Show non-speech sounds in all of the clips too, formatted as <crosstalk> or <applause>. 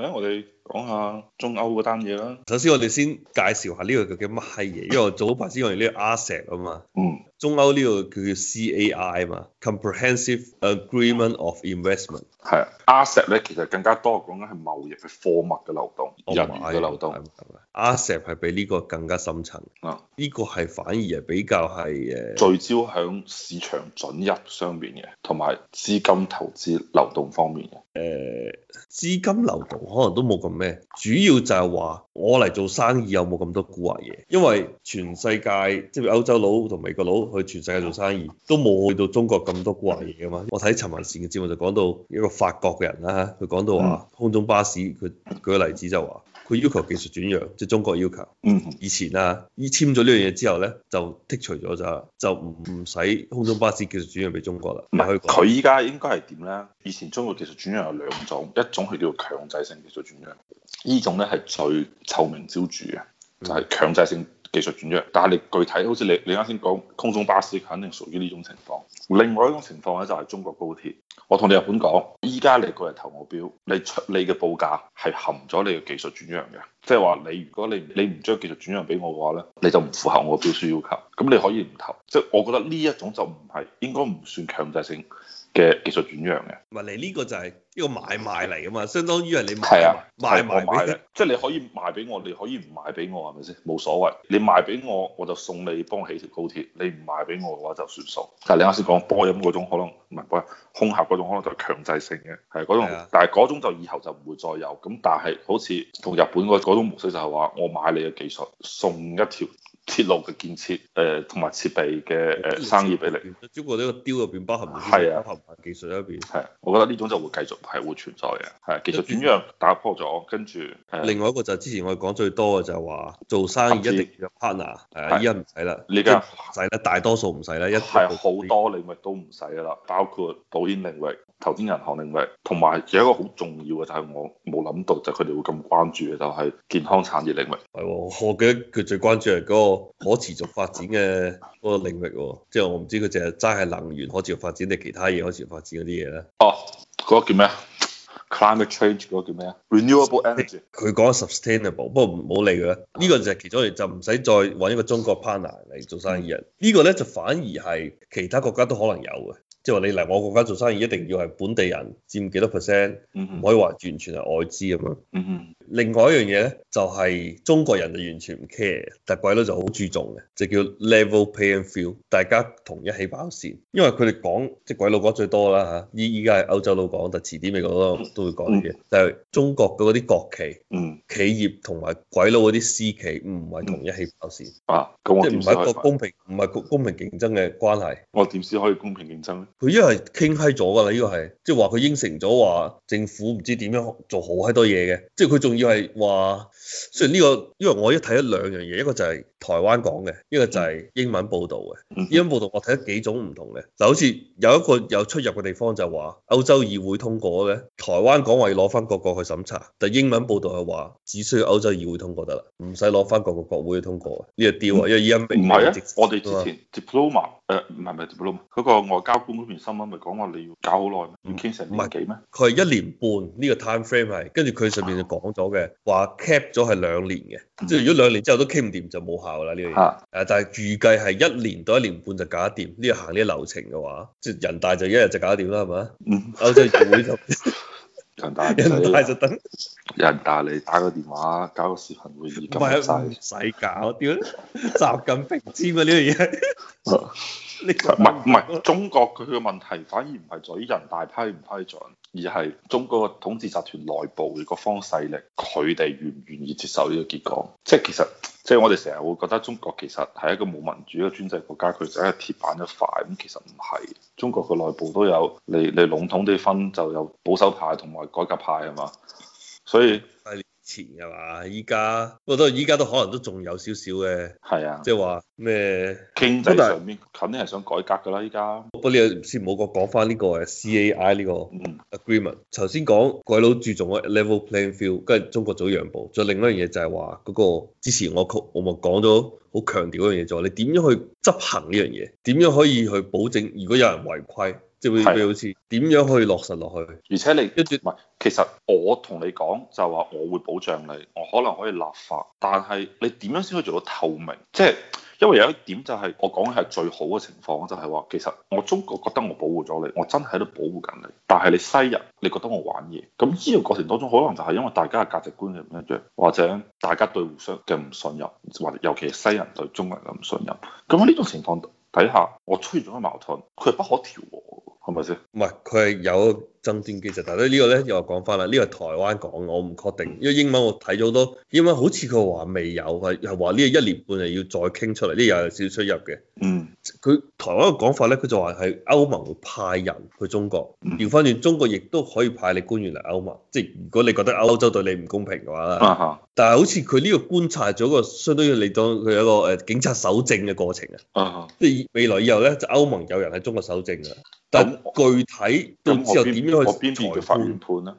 誒、欸，我哋講下中歐嗰單嘢啦。首先，我哋先介紹下呢個叫咩嘢，因為我早排先講完呢個 asset 啊嘛。嗯。中歐呢個叫做 CAI 嘛，Comprehensive Agreement of Investment 係啊，RCEP 咧其實更加多講緊係貿易嘅貨物嘅流動，人嘅、oh、my 流動 RCEP 係比呢個更加深層，呢、啊、個係反而係比較係誒、uh, 聚焦響市場准入上邊嘅，同埋資金投資流動方面嘅誒、呃、資金流動可能都冇咁咩，主要就係話我嚟做生意有冇咁多蠱惑嘢，因為全世界即係歐洲佬同美國佬。去全世界做生意都冇去到中國咁多怪嘢啊嘛！我睇陳文賢嘅節目就講到一個法國嘅人啦，佢講到話空中巴士佢舉個例子就話佢要求技術轉讓，即係中國要求。嗯。以前啊，依簽咗呢樣嘢之後咧，就剔除咗咋，就唔使空中巴士技術轉讓俾中國啦。唔係佢，佢依家應該係點咧？以前中國技術轉讓有兩種，一種佢叫做強制性技術轉讓，呢種咧係最臭名昭著嘅，就係強制性。技術轉讓，但係你具體，好似你你啱先講空中巴士，肯定屬於呢種情況。另外一種情況咧，就係中國高鐵。我同你日本講，依家你過嚟投我標，你出你嘅報價係含咗你嘅技術轉讓嘅，即係話你如果你你唔將技術轉讓俾我嘅話咧，你就唔符合我標書要求。咁你可以唔投，即係我覺得呢一種就唔係應該唔算強制性。嘅技術轉讓嘅，唔係你呢個就係一個買賣嚟嘅嘛，相當於係你買,的買賣賣俾佢，即係、就是、你可以賣俾我，你可以唔賣俾我係咪先？冇所謂，你賣俾我我就送你幫我起條高鐵，你唔賣俾我嘅話就算數。但係你啱先講波音嗰種可能，唔係，波音，空客嗰種可能就強制性嘅，係嗰種，的但係嗰種就以後就唔會再有。咁但係好似同日本嗰嗰種模式就係話，我買你嘅技術送一條。鐵路嘅建設，誒同埋設備嘅誒、呃、生意俾你。包括呢個 deal 入邊包含，係啊，包含技術入邊。係、啊、我覺得呢種就會繼續係會存在嘅。係啊，技術轉讓打破咗，跟住。另外一個就係之前我哋講最多嘅就係話做生意一定有 partner，係依家唔次使啦，依家唔使咧，大多數唔使咧，啊、一係好、啊、多領域都唔使啦，包括保險領域。投資銀行領域，同埋有一個好重要嘅就係、是、我冇諗到就佢哋會咁關注嘅就係、是、健康產業領域。係、哦，我記得佢最關注係嗰個可持續發展嘅嗰個領域、哦，即係我唔知佢淨係齋係能源可持續發展定其他嘢可持續發展嗰啲嘢咧。哦，嗰、那個叫咩啊？Climate change 嗰個叫咩啊？Renewable energy。佢講 sustainable，不過唔好理佢啦。呢、這個就係其中一件，就唔使再搵一個中國 partner 嚟做生意啊。呢、這個咧就反而係其他國家都可能有嘅。即係話，你嚟我國家做生意，一定要係本地人佔幾多 percent，唔可以話完全係外資咁樣。Mm-hmm. 另外一樣嘢咧，就係、是、中國人就完全唔 care，但鬼佬就好注重嘅，就叫 level playing field，大家同一起跑線。因為佢哋講即係鬼佬講最多啦嚇，依依家係歐洲佬講，但遲啲美國都都會講嘅。嗯、但係中國嗰啲國企，嗯，企業同埋鬼佬嗰啲私企唔係同一起跑線啊，我即係唔係一個公平唔係公平競爭嘅關係。我點先可以公平競爭咧？佢一係傾開咗噶啦，呢個係即係話佢應承咗話政府唔知點樣做好閪多嘢嘅，即係佢仲。要係話，雖然呢個，因為我一睇咗兩樣嘢，一個就係台灣講嘅，一個就係英文報道嘅。英文報道我睇咗幾種唔同嘅。就好似有一個有出入嘅地方就係話歐洲議會通過嘅，台灣講話要攞翻各國去審查，但英文報道係話只需要歐洲議會通過得啦，唔使攞翻各個國會去通過嘅。呢個 deal、嗯、啊，因為依家唔係我哋之前 diploma，唔、呃、係 diploma，嗰個外交官嗰邊新聞咪講話你要搞好耐咩？五係幾咩？佢係一年半呢個 time frame 係，跟住佢上邊就講咗、啊。嘅話 cap 咗係兩年嘅，嗯、即係如果兩年之後都傾唔掂就冇效啦呢樣嘢。誒、啊，但係預計係一年到一年半就搞得掂。呢個、啊、行呢流程嘅話，即係人大就一日就搞得掂啦，係咪啊？嗯，歐洲議會就人大， <laughs> 人大就等人大嚟打個電話，搞個視頻會議咁曬，唔使是 <laughs> 搞掂？習近平簽啊呢樣嘢。 <laughs> <laughs> <laughs> 唔係唔係，中國佢嘅問題反而唔係在於人大批唔批准，而係中國個統治集團內部各方勢力，佢哋願唔願意接受呢個結果？即係其實即係我哋成日會覺得中國其實係一個冇民主嘅專制國家，佢就係一鐵板一塊咁。其實唔係，中國嘅內部都有你你籠統地分就有保守派同埋改革派係嘛，所以。前係嘛？依家不過都依家都可能都仲有少少嘅，係啊，即係話咩經濟上面是肯定係想改革㗎啦！依家不過呢先唔好講講翻呢個誒 C A I 呢個 agreement、嗯。頭先講鬼佬注重 level playing field，跟住中國早啲讓步。再另一樣嘢就係話嗰個之前我我咪講咗好強調嗰樣嘢就係，你點樣去執行呢樣嘢？點樣可以去保證？如果有人違規？即係好似點樣去落實落去？而且你一絕唔係，其實我同你講就係話，我會保障你，我可能可以立法，但係你點樣先可以做到透明？即係因為有一點就係我講嘅係最好嘅情況，就係話其實我中國覺得我保護咗你，我真係喺度保護緊你。但係你西人，你覺得我玩嘢。咁呢個過程當中，可能就係因為大家嘅價值觀係唔一樣，或者大家對互相嘅唔信任，或者尤其係西人對中國人嘅唔信任。咁喺呢種情況底下，我出現咗個矛盾，佢係不可調和。唔係，佢係有。增添技術，但係呢個咧又講翻啦，呢個係台灣講，我唔確定，因為英文我睇咗好多英文，好似佢話未有，係係話呢一年半又要再傾出嚟，呢又係少出入嘅。嗯。佢台灣嘅講法咧，佢就話係歐盟會派人去中國，調翻轉中國亦都可以派你官員嚟歐盟，即係如果你覺得歐洲對你唔公平嘅話啦。啊、哈但係好似佢呢個觀察咗個相當於你當佢一個誒警察搜證嘅過程啊哈。即係未來以後咧，就歐盟有人喺中國搜證啊，哈啊。但具體都唔知道點。我邊判嘅法院判啦，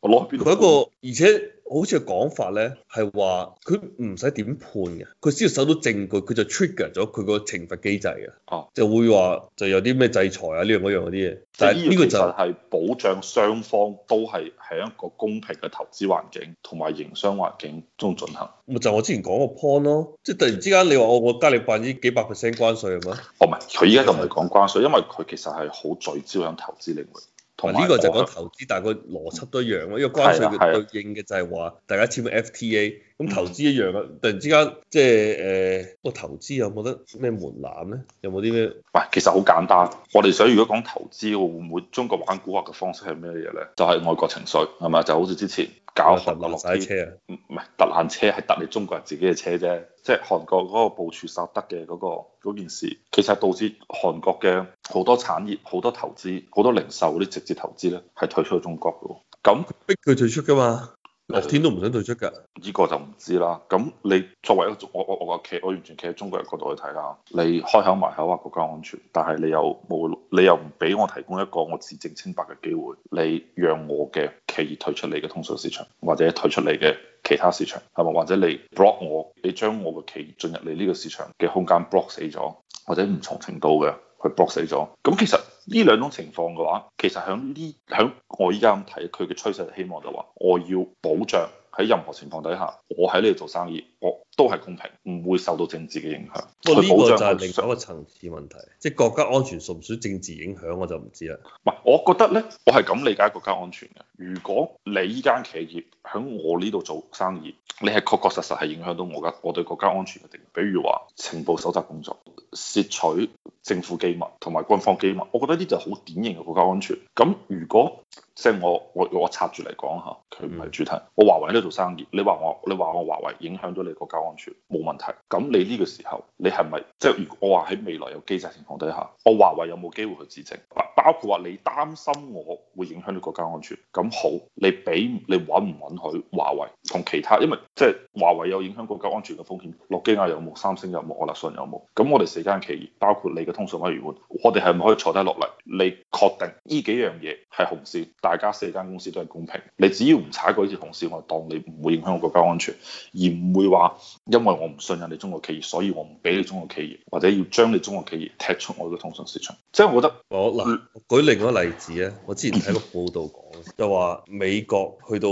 我攞佢邊。佢一個，而且好似嘅講法咧，係話佢唔使點判嘅，佢只要收到證據，佢就 trigger 咗佢個懲罰機制嘅。哦。就會話就有啲咩制裁啊，呢樣嗰樣嗰啲嘢。但係呢個就係保障雙方都係喺一個公平嘅投資環境同埋營商環境中進行。咪就我之前講個 point 咯，即係突然之間你話我我加你百分之幾百 percent 關稅係咪？哦，唔係，佢依家就唔係講關稅，因為佢其實係好聚焦響投資領域。呢個就講投資，我的 但係個邏輯都一樣咯，因、呢、為、個、關稅嘅對應嘅就係話大家簽咗 FTA，咁投資一樣啊，嗯、突然之間即係誒個投資有冇得咩門檻咧？有冇啲咩？唔其實好簡單，我哋想如果講投資，會唔會中國玩股額嘅方式係咩嘢咧？就係、係、外國情緒係咪？就係、好似之前。搞韓國駛車啊，唔係特爛車，係特你中國人自己嘅車啫。即係韓國嗰個部署薩德嘅嗰個嗰件事，其實導致韓國嘅好多產業、好多投資、好多零售啲直接投資咧，係退出去中國嘅。咁逼佢退出㗎嘛？落天都唔想退出㗎、嗯、呢、這個就唔知啦。咁你作為一我我我個企，我完全企喺中國人角度去睇啦。你開口埋口話國家安全，但係你又冇，你又唔俾我提供一個我自證清白嘅機會。你讓我嘅企業退出你嘅通訊市場，或者退出你嘅其他市場，係咪？或者你 block 我，你將我嘅企業進入你呢個市場嘅空間 block 死咗，或者唔同程度嘅。佢搏死咗，咁其實呢兩種情況嘅話，其實喺呢，喺我依家咁睇，佢嘅趨勢希望就話，我要保障喺任何情況底下，我喺呢度做生意，我。都係公平，唔會受到政治嘅影響。不過呢個就係另一個層次問題，即係國家安全屬唔屬於政治影響，我就唔知啦。我覺得呢，我係咁理解國家安全嘅。如果你依間企業喺我呢度做生意，你係確確實實係影響到我嘅，我對國家安全嘅定，比如話情報搜集工作、竊取政府機密同埋軍方機密，我覺得呢就好典型嘅國家安全。咁如果即係、就是、我我我插住嚟講嚇，佢唔係主題。嗯、我華為喺度做生意，你話我你話我華為影響咗你國家安全冇問題，咁你呢個時候，你係咪即係？即係、如果我話喺未來有機制情況底下，我華為有冇機會去自證？包括話你擔心我會影響你國家安全，咁好，你俾你允唔允許華為同其他，因為即係華為有影響國家安全嘅風險，諾基亞有冇，三星有冇，阿有有愛立信有冇？咁我哋四間企業，包括你嘅通訊委員會，我哋係咪可以坐低落嚟？你確定呢幾樣嘢係紅線，大家四間公司都係公平？你只要唔踩過呢條紅線，我當你唔會影響我國家安全，而唔會話。因為我唔信任你中國企業，所以我唔俾你中國企業，或者要將你中國企業踢出我嘅通訊市場。即係我覺得，我嗱舉另外一個例子啊，我之前睇個報道講，就話美國去到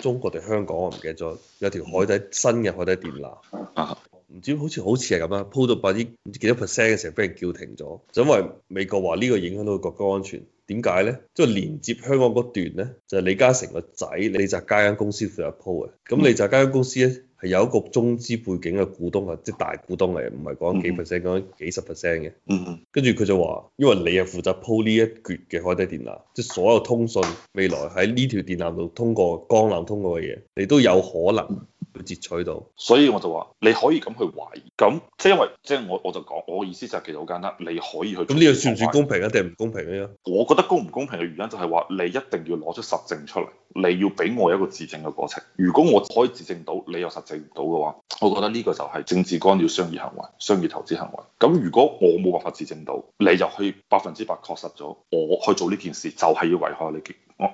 中國定香港，我唔記得咗，有條海底新嘅海底電纜啊，唔知好似好似係咁啦，鋪到百億唔知幾多 percent 嘅時候，俾人叫停咗，就因為美國話呢個影響到國家安全。點解咧？即係連接香港嗰段咧，就係、是、李嘉誠個仔李澤嘉間公司負責鋪嘅。咁李澤嘉間公司咧係有一個中資背景嘅股東啊，即、就、係、是、大股東嚟，唔係講幾 percent，講幾十 percent 嘅。嗯嗯。跟住佢就話，因為你係負責鋪呢一橛嘅海底電纜，即、就、係、是、所有通訊未來喺呢條電纜度通過、江纜通過嘅嘢，你都有可能。會截取到，所以我就話你可以咁去懷疑，咁即係因為即係、就是、我我就講，我意思就係其實好簡單，你可以去。咁呢個算唔算公平咧、啊？定係唔公平咧、啊？我覺得公唔公平嘅原因就係話你一定要攞出實證出嚟，你要俾我一個自證嘅過程。如果我可以自證到，你又實證唔到嘅話，我覺得呢個就係政治干擾商業行為、商業投資行為。咁如果我冇辦法自證到，你就去百分之百確實咗我去做呢件事就係、是、要危害你呢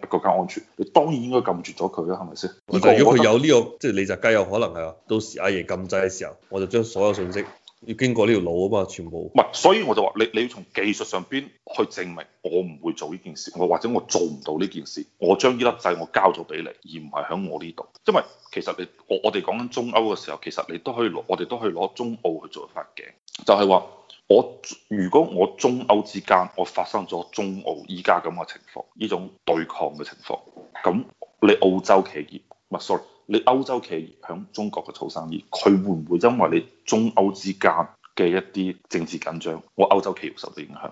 國家安全，你當然應該禁絕咗佢啦，係咪先？但係如果佢有呢、呢個，即係你就梗有可能係啊。到時阿爺禁制嘅時候，我就將所有信息要經過呢條路啊嘛，全部。唔係，所以我就話你，你要從技術上邊去證明我唔會做呢件，件事，我或者我做唔到呢件事，我將呢粒掣我交咗俾你，而唔係喺我呢度。因為其實你我我哋講緊中歐嘅時候，其實你都可以攞，我哋都可以攞中澳去做法鏡。就係話，我如果我中歐之間我發生咗中澳依家咁嘅情況，呢種對抗嘅情況，咁你澳洲企業，唔係 sorry，你歐洲企業響中國嘅做生意，佢會唔會因為你中歐之間嘅一啲政治緊張，我歐洲企業受到影響？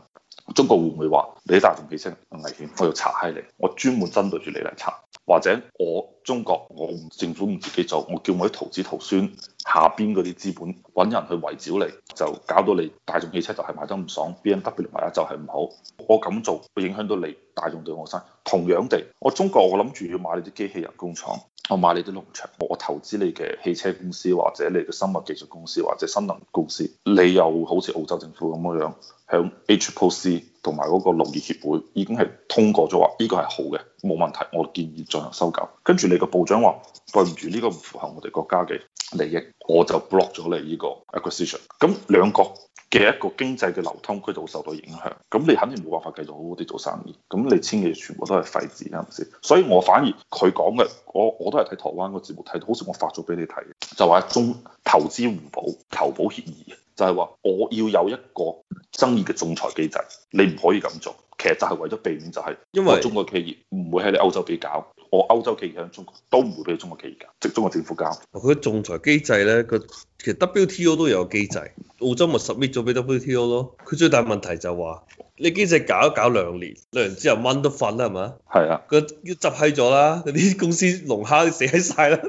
中國會唔會話你大眾汽車危險，我要查閪你，我專門針對住你嚟查？或者我中國我政府唔自己做，我叫我啲徒子徒孫下邊嗰啲資本揾人去圍剿你，就搞到你大眾汽車就係賣得唔爽，B M W 賣得就係唔好。我咁做會影響到你大眾對我生。同樣地，我中國我諗住要買你啲機器人工廠，我買你啲農場，我投資你嘅汽車公司或者你嘅生物技術公司或者新能源公司，你又好似澳洲政府咁嘅樣，喺 H P C。同埋嗰個農業協會已經係通過咗話，呢個係好嘅，冇問題。我建議進行收購。跟住你個部長話：對唔住，呢個唔符合我哋國家嘅利益，我就 block 咗你呢個 acquisition。咁兩國嘅一個經濟嘅流通就會受到影響，咁你肯定冇辦法繼續好好啲做生意。咁你簽嘅嘢全部都係廢紙，係唔係先？所以我反而佢講嘅，我我都係睇台灣個節目睇到，好似我發咗俾你睇，就話中投資互保投保協議就係話我要有一個爭議嘅仲裁機制，你唔可以咁做。其實就係為咗避免就係，因為中國企業唔會喺你歐洲俾搞，我歐洲企業喺中國都唔會俾中國企業搞，即中國政府搞。佢仲裁機制咧，佢其實 WTO 都有個機制，澳洲咪 submit 咗俾 WTO 咯。佢最大問題就係話，你機制搞一搞兩年，兩年之後蚊都瞓啦，係咪啊？係啊，佢要集氣咗啦，啲公司龍蝦都死晒啦。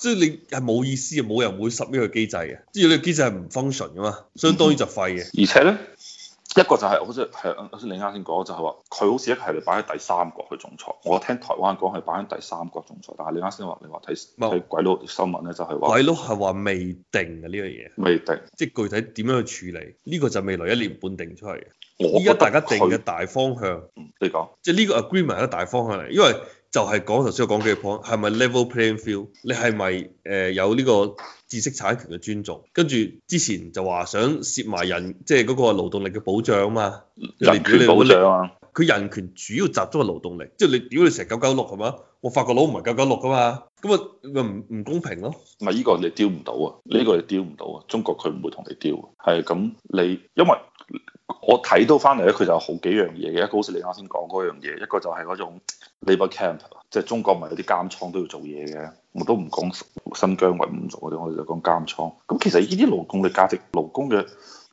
即係你係冇意思嘅，冇人會拾呢個機制嘅。即係你個機制係唔 function 嘅嘛，相當於就廢嘅、嗯。而且咧，一個就係好似係你啱先講，就係話佢好似一係嚟擺喺第三國去仲裁。我聽台灣講係擺喺第三國仲裁，但係你啱先話你話睇睇鬼佬新聞咧，就係、是、話鬼佬係話未定嘅呢樣嘢，未定，即係具體點樣去處理呢、這個就未來一年半定出嚟。嘅的。依家大家定嘅大方向，你講，即係呢個 agreement 係一個大方向嚟，因為。就係講頭先我講幾日 point，係咪 level playing field？你係咪誒有呢個知識產權嘅尊重？跟住之前就話想涉埋人，即係嗰個勞動力嘅保障啊嘛，人權保障啊。佢人權主要集中喺勞動力，即係你屌你成九九六係嘛？我發覺佬唔係九九六噶嘛，咁啊唔唔公平咯。咪呢個你屌唔到啊，呢個你屌唔到啊，中國佢唔會同你屌。係咁你，因為我睇到翻嚟咧，佢就有好幾樣嘢嘅，一個好似你啱先講嗰樣嘢，一個就係嗰種 labour camp，即係中國咪有啲監倉都要做嘢嘅，我都唔講新疆為五族嗰啲，我哋就講監倉。咁其實呢啲勞動力價值、勞工嘅。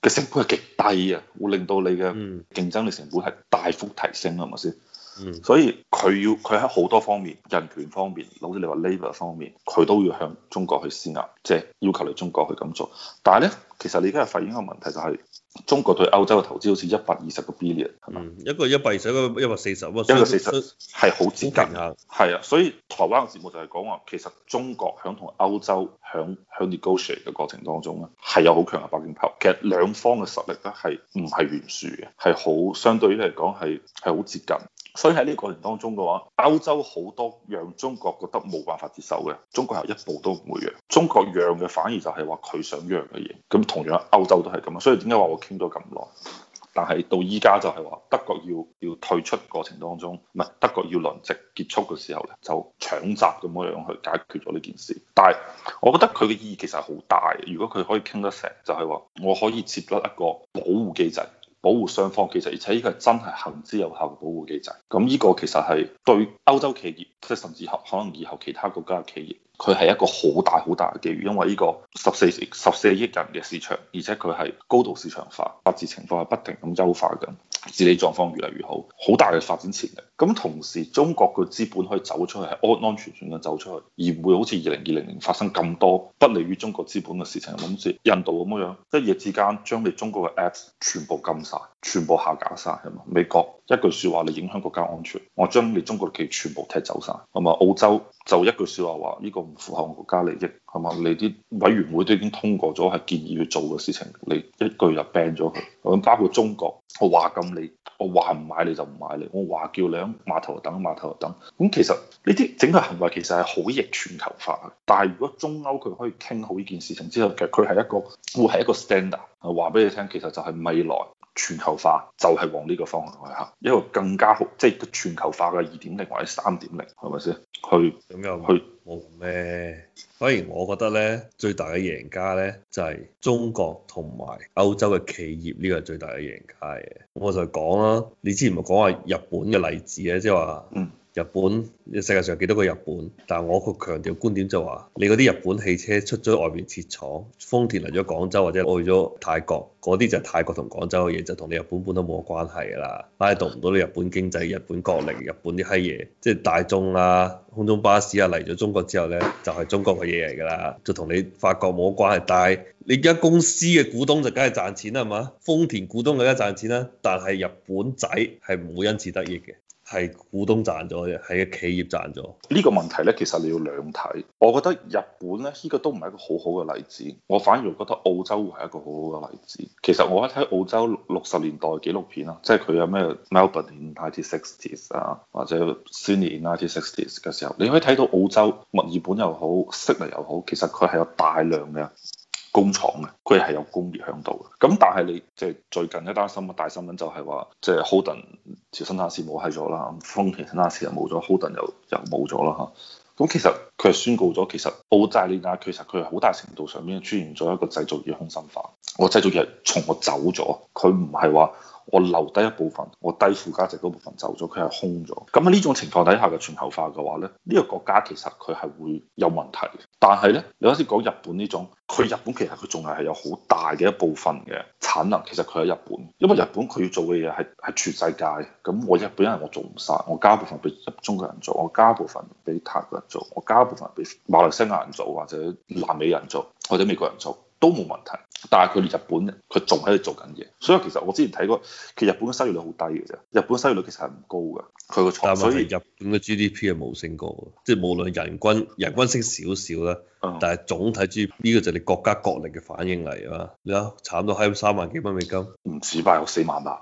成本係極低啊，會令到你嘅競爭力成本係大幅提升，係咪先？所以佢要佢喺好多方面，人權方面，好似你話 Labour 方面，佢都要向中國去施壓，即係要求你中國去咁做。但係咧，其實你而家發現一個問題就係，中國對歐洲嘅投資好似一百二十個 billion，係嘛？一個一百二十，一個一百四十，一個四十係好接近噶。係啊，所以台灣嘅節目就係講話，其實中國響同歐洲響響 negotiate 嘅過程當中咧，係有好強嘅北京頭。其實兩方嘅實力咧係唔係懸殊嘅，係好相對於嚟講係係好接近。所以喺呢個過程當中嘅話，歐洲好多讓中國覺得冇辦法接受嘅，中國又一步都唔會讓。中國讓嘅反而就係話佢想讓嘅嘢。咁同樣歐洲都係咁啊。所以點解話我傾咗咁耐？但係到依家就係話德國要要退出過程當中，唔係德國要輪值結束嘅時候咧，就搶集咁樣去解決咗呢件事。但係我覺得佢嘅意義其實好大。如果佢可以傾得成，就係話我可以設立一個保護機制。保護雙方其實，而且呢個真係行之有效嘅保護機制。咁呢個其實係對歐洲企業，即係甚至可可能以後其他國家嘅企業。佢係一個好大好大嘅機遇，因為呢個十四億、十四億人嘅市場，而且佢係高度市場化，法治情況係不停咁優化緊，治理狀況越嚟越好，好大嘅發展潛力。咁同時，中國嘅資本可以走出去係安安全全咁走出去，而唔會好似二零二零年發生咁多不利於中國資本嘅事情，好似印度咁樣，一夜之間將你中國嘅 Apps 全部禁晒，全部下架晒。係嘛？美國一句説話你影響國家安全，我將你中國嘅企業全部踢走晒。係嘛？澳洲。就一句説話，話呢個唔符合我國家利益，係嘛？你啲委員會都已經通過咗係建議去做嘅事情，你一句就 ban 咗佢咁。包括中國，我話咁你，我話唔買你就唔買你，我話叫你喺碼頭等碼頭等。咁其實呢啲整個行為其實係好逆全球化，但係如果中歐佢可以傾好呢件事情之後，其實佢係一個會係一個 standard 話俾你聽，其實就係未來。全球化就係往呢個方向去行，一個更加好，即係全球化嘅二點零或者三點零，係咪先？去咁又去冇咩？反而我覺得咧，最大嘅贏家咧就係中國同埋歐洲嘅企業，呢個最大嘅贏家嘅。我就係講啦，你之前咪講話日本嘅例子嘅，即係話嗯。日本世界上幾多個日本？但係我個強調觀點就話：你嗰啲日本汽車出咗外面設廠，豐田嚟咗廣州或者去咗泰國，嗰啲就泰國同廣州嘅嘢，就同你日本本都冇關係噶啦。拉動唔到你日本經濟、日本國力、日本啲閪嘢，即係大眾啊、空中巴士啊嚟咗中國之後呢，就係中國嘅嘢嚟噶啦，就同你法國冇關係。但係你而家公司嘅股東就梗係賺錢啦嘛，豐田股東梗係賺錢啦。但係日本仔係唔會因此得益嘅。係股東賺咗嘅，係個企業賺咗。呢個問題咧，其實你要兩睇。我覺得日本咧，呢個都唔係一個好好嘅例子。我反而覺得澳洲會係一個好好嘅例子。其實我一睇澳洲六十年代紀錄片啊，即係佢有咩 Melbourne in 1960s 啊，或者 Sydney in 1960s 嘅時候，你可以睇到澳洲墨爾本又好，悉尼又好，其實佢係有大量嘅。工廠嘅，佢係有工業喺度嘅。咁但係你即係、就是、最近一單新聞大新聞就係話，即係 Holden 條生產線冇喺咗啦，豐田生產線又冇咗，Holden 又又冇咗啦嚇。咁其實佢宣告咗，其實澳大利亞其實佢好大程度上面出現咗一個製造業空心化。我製造業從我走咗，佢唔係話。我留低一部分，我低附加值嗰部分走咗，佢係空咗。咁喺呢種情況底下嘅全球化嘅話咧，呢個國家其實佢係會有問題。但係呢，你啱先講日本呢種，佢日本其實佢仲係係有好大嘅一部分嘅產能，其實佢喺日本。因為日本佢要做嘅嘢係係全世界。咁我日本人我做唔晒，我加一部分俾中國人做，我加一部分俾泰國人做，我加一部分俾馬來西亞人做，或者南美人做，或者美國人做。都冇問題，但係佢哋日本，佢仲喺度做緊嘢，所以其實我之前睇過，其實日本嘅失業率好低嘅啫，日本嘅失業率其實係唔高嘅，佢個所以日本嘅 G D P 係冇升過嘅，即係無論人均人均升少少啦，但係總體 G D P 呢個就係你國家國力嘅反應嚟啊，你睇慘到喺三萬幾蚊美金，唔止吧，有四萬吧，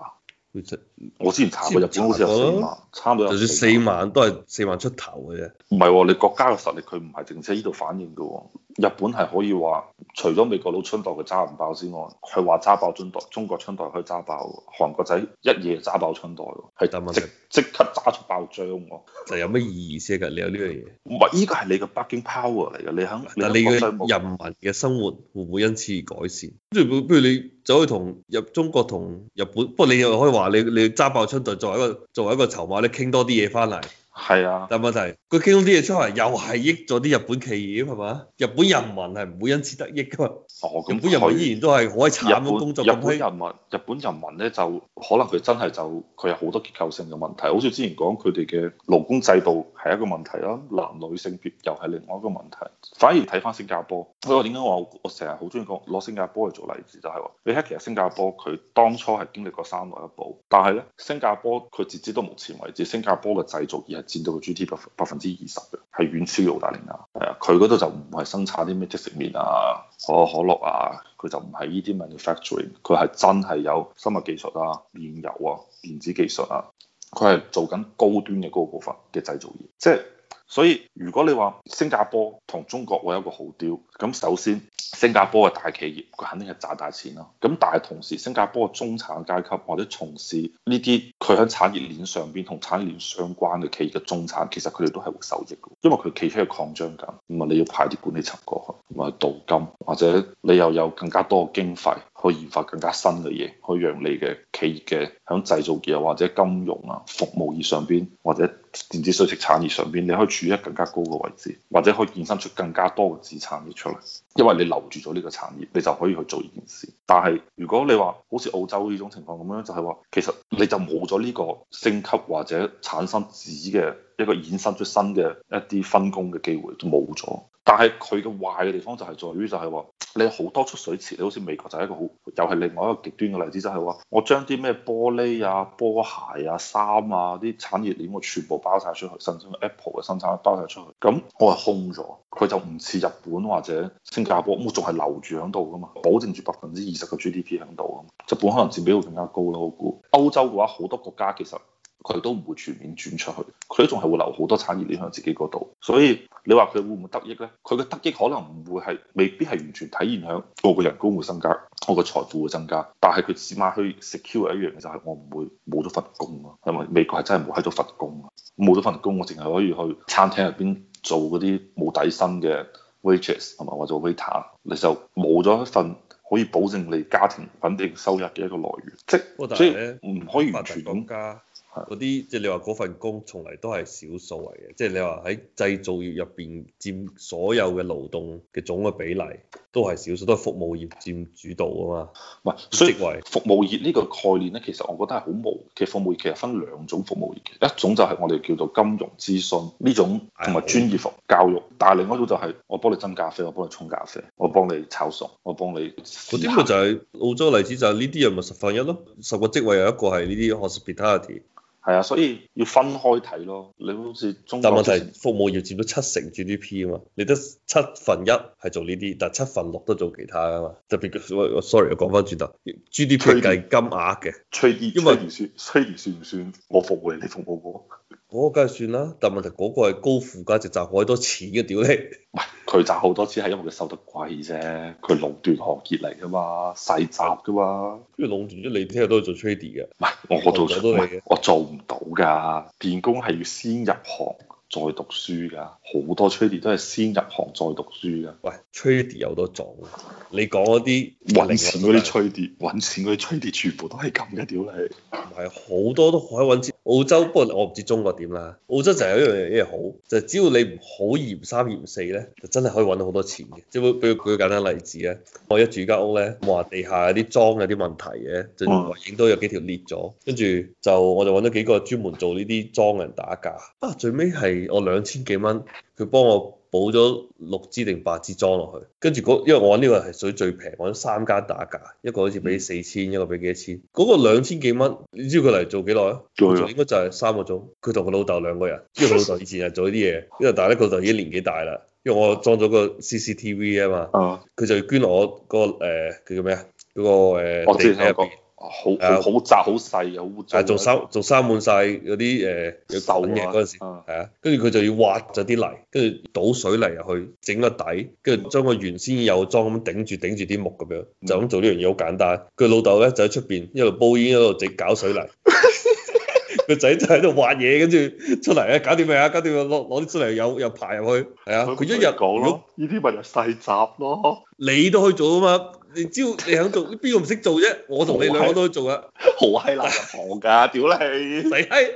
我之前查過日本好似有四萬，差唔多有四萬都係四萬出頭嘅啫，唔係你國家嘅實力佢唔係凈係呢度反應嘅喎。日本係可以話，除咗美國佬春袋佢揸唔爆之外，佢話揸爆春袋，中國春袋可以揸爆喎。韓國仔一夜揸爆春袋，係但問即刻揸出爆漿喎。就有咩意義先㗎？你有呢樣嘢？唔係，依個係你嘅北京 power 嚟㗎。你肯嗱，你嘅人民嘅生活會唔會因此而改善？咁譬如譬如你走去同日中國同日本，不過你又可以話你你揸爆春袋作為一個作為一個籌碼，你傾多啲嘢翻嚟。係啊，有係問題，佢傾通啲嘢出嚟，又係益咗啲日本企業，係嘛？日本人民係唔會因此得益噶嘛？哦，咁日本人民依然都係可以喺日本工作。日本人民，他日本人民咧就可能佢真係就佢有好多結構性嘅問題，好似之前講佢哋嘅勞工制度係一個問題啦，男女性別又係另外一個問題。反而睇翻新加坡，我點解我我成日好中意講攞新加坡嚟做例子就係、是、話，你睇其實新加坡佢當初係經歷過三落一步，但係咧新加坡佢截至到目前為止，新加坡嘅製造業佔到個 GDP 百百分之二十嘅，係遠超澳大利亞啊，係啊，佢嗰度就唔係生產啲咩即食麵啊，可可樂啊，佢就唔係呢啲 manufacturing，佢係真係有生物技術啊，煉油啊，電子技術啊，佢係做緊高端嘅嗰部分嘅製造業，即係所以如果你話新加坡同中國會有一個好雕，咁首先。新加坡嘅大企業，佢肯定係賺大錢咯。咁但係同時，新加坡嘅中產階級或者從事呢啲佢喺產業鏈上邊同產業鏈相關嘅企業嘅中產，其實佢哋都係會受益嘅，因為佢企出去擴張緊。咁啊，你要派啲管理層過去，同埋鍍金，或者你又有更加多嘅經費去研發更加新嘅嘢，去讓你嘅企業嘅響製造業或者金融啊，服務業上邊，或者電子訊息產業上邊，你可以處於更加高嘅位置，或者可以衍生出更加多嘅資產嘅出嚟。因為你留住咗呢個產業，你就可以去做呢件事。但係如果你話好似澳洲呢種情況咁樣，就係話其實你就冇咗呢個升級或者產生值嘅。一個衍生出新嘅一啲分工嘅機會都冇咗，但係佢嘅壞嘅地方就係在於就係話你好多出水池，你好似美國就係一個好又係另外一個極端嘅例子，就係就係話我將啲咩玻璃啊、波鞋啊、衫啊啲產業鏈我全部包晒出去，甚至 Apple 嘅生產包晒出去，咁我係空咗，佢就唔似日本或者新加坡，咁仲係留住喺度噶嘛，保證住百分之二十嘅 GDP 喺度啊嘛，日本可能佔比會更加高咯，我估歐洲嘅話好多國家其實。佢都唔會全面轉出去，佢都仲係會留好多產業鏈喺自己嗰度，所以你話佢會唔會得益呢？佢嘅得益可能唔會係，未必係完全體現喺我個人工會增加，我個財富會增加。但係佢起碼去 secure 嘅一樣嘅就係、是、我唔會冇咗份工啊，因為美國係真係冇喺咗份工，冇咗份，份工我淨係可以去餐廳入邊做嗰啲冇底薪嘅 waitress 同埋話做 waiter，你就冇咗一份可以保證你家庭穩定收入嘅一個來源，即係所以唔可以完全咁加。嗰啲即係你話嗰份工從嚟都係少數嚟嘅，即係你話喺製造業入邊佔所有嘅勞動嘅總嘅比例都係少數，都係服務業佔主導啊嘛。唔係，職位，所以服務業呢個概念咧，其實我覺得係好模糊。其實服務業其實分兩種服務業，一種就係我哋叫做金融諮詢呢種，同埋專業服教育。但係另外一種就係我幫你斟咖啡，我幫你沖咖啡，我幫你炒餸，我幫你嗰啲咪就係澳洲例子就係呢啲人咪十份一咯，十個職位有一個係呢啲 hospitality。係啊，所以要分開睇咯。你好似中但問題服務業佔到七成 GDP 啊嘛，你得七分一係做呢啲，但七分六都做其他噶嘛。特別 sorry，講翻轉頭 GDP 計金額嘅，trading，因為 trade 算唔算，算我服務你，你服務我？我梗係算啦，但問題嗰個係高附加值賺好多錢嘅屌你。唔係佢賺好多錢係因為佢收得貴啫，佢壟斷行業嚟噶嘛，細集噶嘛。跟住壟斷咗你，聽日都要做 trade 嘅。唔係我做唔係我做。唔到噶，電工係要先入行再讀書噶。好多 trader 都係先入行再讀書噶。喂，trader 有得做？你講嗰啲揾錢嗰啲 trader，揾錢嗰啲 trader 全部都係咁嘅屌你！唔係好多都可以揾澳洲不過我唔知中國點啦。澳洲就係有一樣嘢一樣好，就係、只要你唔好嫌三嫌四咧，就真係可以揾到好多錢嘅。即係會，比如舉個簡單例子咧，我一住間屋咧，話地下莊有啲裝有啲問題嘅，就影到有幾條裂咗，跟住就我就揾咗幾個專門做呢啲裝嘅人打價，啊，最尾係我兩千幾蚊。佢幫我補咗六支定八支裝落去，跟住、嗰個、因為我揾呢個係屬於最平，揾三間打價，一個好似俾四千，一個俾幾多千，嗰、嗰個兩千幾蚊，你知道佢嚟做幾耐啊？做，了做應該就係三個鐘，佢同佢老豆兩個人，因為佢老豆以前係做呢啲嘢，因為但係咧佢老豆已經年紀大啦，因為我裝咗個 CCTV 啊嘛，佢就要捐落我嗰、嗰個誒，佢、呃、叫咩啊？嗰、嗰個、呃、我哋喺入面。好，好，好窄，好細，好污糟。係，仲收，仲收，滿晒嗰啲誒，手嘅嗰陣時，係啊。跟住佢就要挖咗啲泥，跟住倒水泥入去，整個底，跟住將個原先有樁咁頂住頂住啲木咁樣，就咁做呢樣嘢好簡單。佢老豆咧就喺出邊一路煲煙，一路整搞水泥。個仔 <laughs> <laughs> 就喺度挖嘢，跟住出嚟啊，搞掂未啊？搞掂，攞攞啲水泥又又爬入去，係啊。佢一日講咯，呢啲咪就細集咯。 <laughs> 你都可以做啊嘛。你只要你肯做，邊個唔識做啫？我同你兩個都去做啊騎！好閪難行噶，屌你！第閪！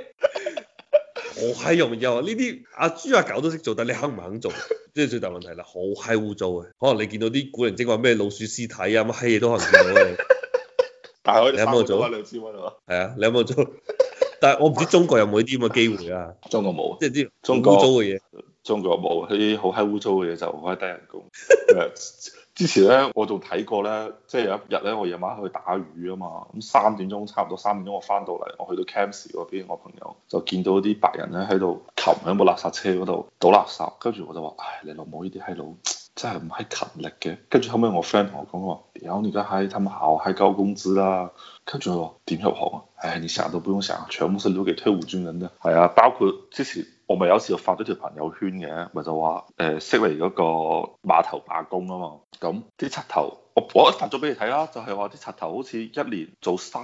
我閪又唔啊？呢啲阿豬阿狗都識做，但你肯唔肯做？即係最大問題啦！好閪污糟啊！可能你見到啲古靈精怪咩老鼠屍體啊，乜閪嘢都可能見到你。大可以你有冇做？兩千蚊係啊，你有冇做？但係我唔知中國有冇呢啲咁嘅機會啊中中？中國冇，即係啲中污糟嘅嘢。中國冇，佢啲好閪污糟嘅嘢就可以低人工。 <laughs> 之前咧，我仲睇過咧，即係有一日咧，我夜晚去打魚啊嘛，咁三點鐘差唔多三點鐘我翻到嚟，我去到 Camry 嗰邊，我朋友就見到啲白人咧喺度擒喺部垃圾車嗰度倒垃圾，跟住我就話：唉，你老母呢啲閪佬真係唔閪勤力嘅。可可跟住後尾我 friend 同我講話，然你而家喺氹下，好閪高工資啦，啊，跟住佢話點入行啊？唉，你成日都不用想，全部是留給退伍軍人的，係啊，包括之前。我咪有時又發咗條朋友圈嘅，咪就話誒，悉尼嗰個碼頭罷工啊嘛，咁啲七頭。我發咗俾你睇啦，就係話啲刷頭好似一年做三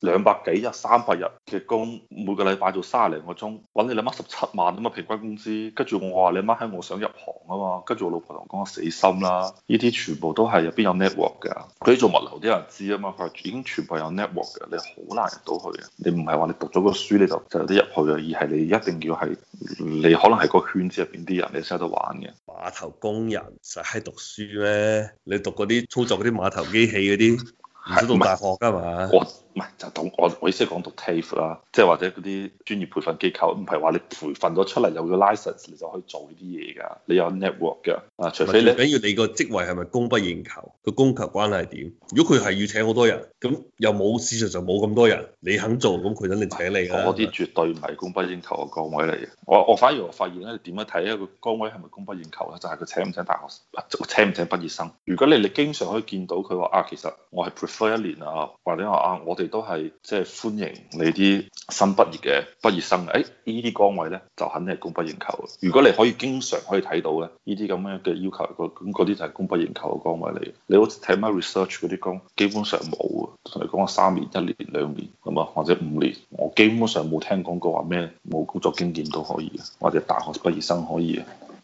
兩百幾日、三百日嘅工，每個禮拜做卅零個鐘，揾你諗乜十七萬啊嘛，平均工資。跟住我話你媽喺我想入行啊嘛，跟住我老婆同我講我死心啦。呢啲全部都係入邊有 network 嘅，佢做物流啲人知啊嘛，佢已經全部有 network 嘅，你好難入到去嘅，你唔係話你讀咗個書你就就有啲入去嘅，而係你一定要係你可能係個圈子入邊啲人，你先有得玩嘅。碼頭工人就閪讀書咩？你讀嗰啲操作嗰啲碼頭機器嗰啲唔使讀大學㗎嘛。唔係，就同我我意思係講讀 tape 啦，即係或者嗰啲專業培訓機構，唔係話你培訓咗出嚟有個 license 你就可以做呢啲嘢㗎，你有 network 㗎啊，除非你最緊要你個職位係咪供不應求，個供求關係係點？如果佢係要請好多人，咁又冇市場上冇咁多人，你肯做咁佢肯定請你㗎。我啲絕對唔係供不應求嘅崗位嚟嘅，我我反而我發現咧你點樣睇一個崗位係咪供不應求咧，就係、是、佢請唔請大學，請唔請畢業生？如果你你經常可以見到佢話啊，其實我係 prefer、er、一年啊，或者話啊我哋。亦都係即係歡迎你啲新畢業嘅畢業生。誒、哎，呢啲崗位呢，就肯定係供不應求。如果你可以經常可以睇到呢呢啲咁樣嘅要求，咁嗰啲就係供不應求嘅崗位嚟。你好似睇下 research 嗰啲崗，基本上冇啊。同你講啊，三年、一年、兩年咁啊，或者五年，我基本上冇聽講過話咩冇工作經驗都可以，或者大學畢業生可以，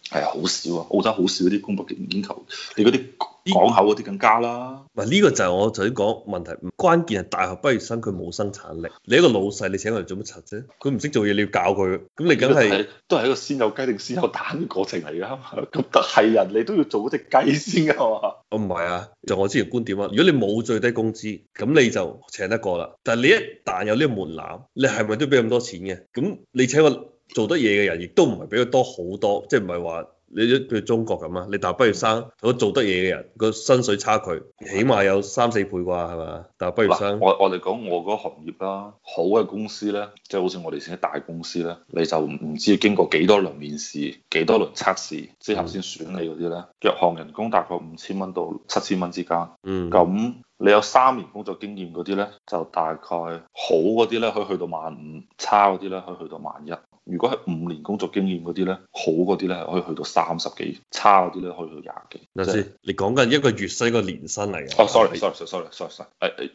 係、哎、好少啊。澳洲好少嗰啲供不應求，你啲。港口嗰啲更加啦、這個，唔呢、這個就係我頭先講問題，關鍵係大學畢業生佢冇生產力。你一個老細，你請佢嚟做乜柒啫？佢唔識做嘢，你要教佢。咁你梗係都係一個先有雞定先有蛋嘅過程嚟㗎嘛？咁得係人，你都要做嗰隻雞先㗎嘛？我唔係啊，就我之前觀點啊。如果你冇最低工資，咁你就請得過啦。但係你一旦有呢個門檻，你係咪都俾咁多錢嘅？咁你請個做得嘢嘅人，亦都唔係俾佢多好多，即係唔係話？你都譬如中國咁啊，你大學畢業生如果做得嘢嘅人，個薪水差距起碼有三四倍啩，係嘛？大學畢業生，我我嚟講我嗰行業啦，好嘅公司咧，即係好似我哋成啲大公司咧，你就唔知要經過幾多輪面試、幾多輪測試之後先選你嗰啲咧，入的行人工大概五千蚊到七千蚊之間。嗯的。咁你有三年工作經驗嗰啲咧，就大概好嗰啲咧可以去到萬五，差嗰啲咧可以去到萬一。如果係五年工作經驗嗰啲咧，好嗰啲咧可以去到三十幾；差嗰啲咧可以去到廿幾。嗱先是，就是、你講緊一個月薪個年薪嚟㗎。哦，sorry，sorry，sorry，sorry，sorry，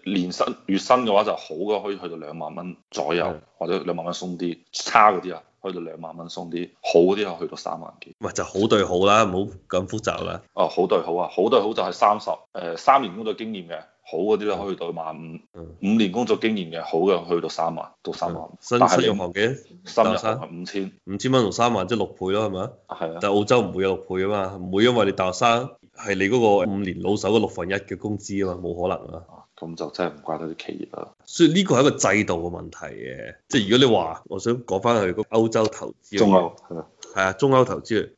誒年薪月薪嘅話就好嘅可以去到兩萬蚊左右，是的 或者兩萬蚊鬆啲；差嗰啲啊，去到兩萬蚊鬆啲；好嗰啲可以去到三萬幾。唔就好對好啦，唔好咁複雜啦。哦，oh, 好對好啊，好對好就係三十誒三年工作經驗嘅。好嗰啲咧可以到萬五的，五年工作經驗嘅好嘅去到三萬，到三萬。新新的入行嘅，新入行五千，五千蚊同三萬即係六倍咯，係咪啊？係啊。但係澳洲唔會有六倍啊嘛，唔會因為你大學生係你嗰個五年老手嘅六分一嘅工資啊嘛，冇可能啊。咁就真係唔怪得啲企業啦。所以呢個係一個制度嘅問題嘅，即係如果你話，我想講翻去嗰歐洲投資，中歐係啊，中歐投資。的